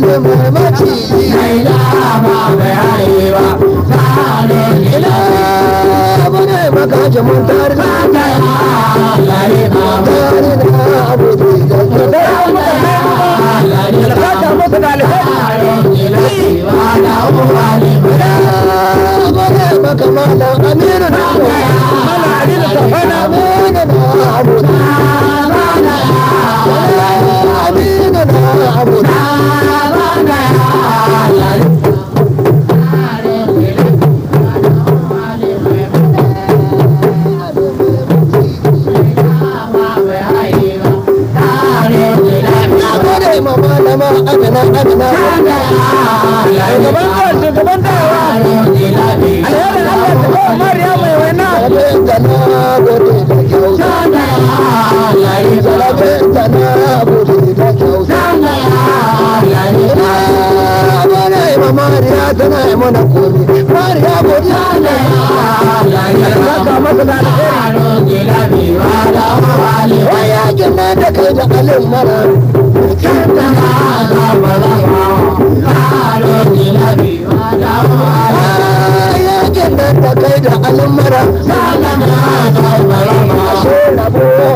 dubu maciji mai dama mai ba tsarin ila mune maka jimin tarihi abu shugaban dawa alherin mariya na mariya ka kai da Sala, Sala, Sala, Sala, Sala, Sala, Sala, Sala,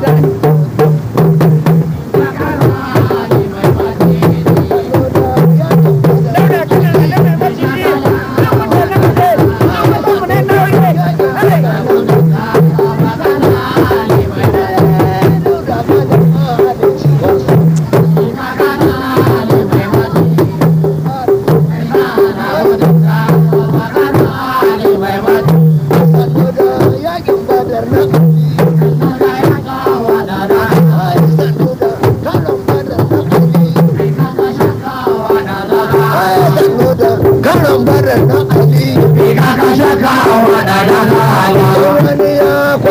在这儿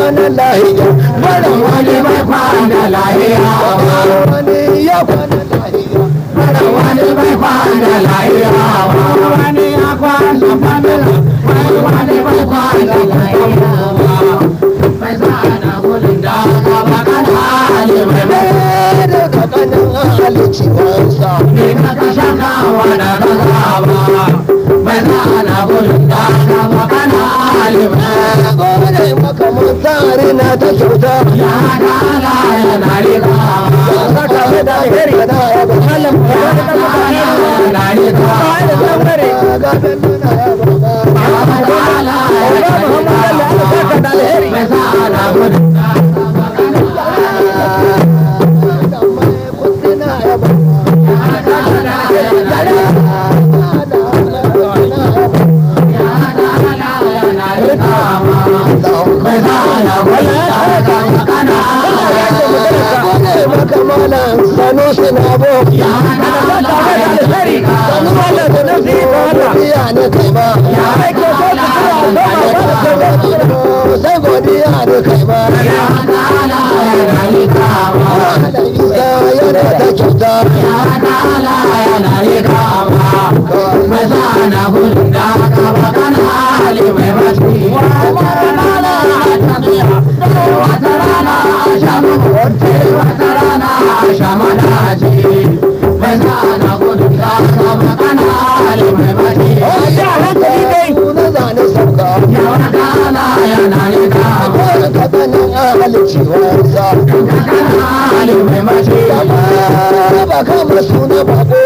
kwana lahiya bara wani bai kwana lahiya ba wani ya kwana lahiya bara wani lahiya ba wani na ta kyauta ya dala yana riba saka da heri da ya ba malam ya dala yana riba ga da tsare ga da nuna ya ba ba dala yana Hare Krishna, Hare Krishna, ganin ahalicewarsa. Ganin ahalicewarsa. Gaba kama suna bako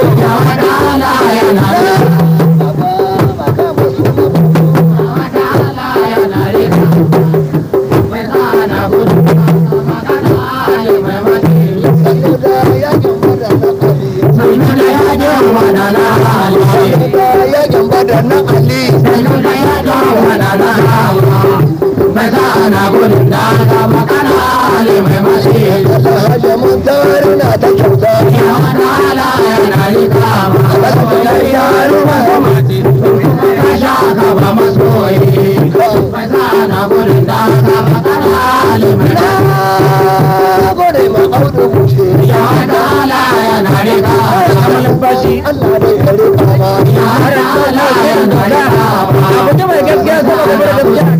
Allah dai kare ka ba har Allah ya kare ba mutum mai gaskiya ko ba gaskiya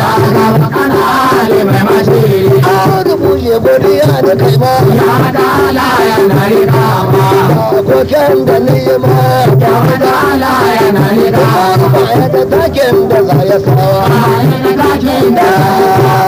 I'm godiya da kai ya da ni ma ya dala yana da takin da da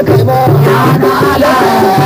Yadala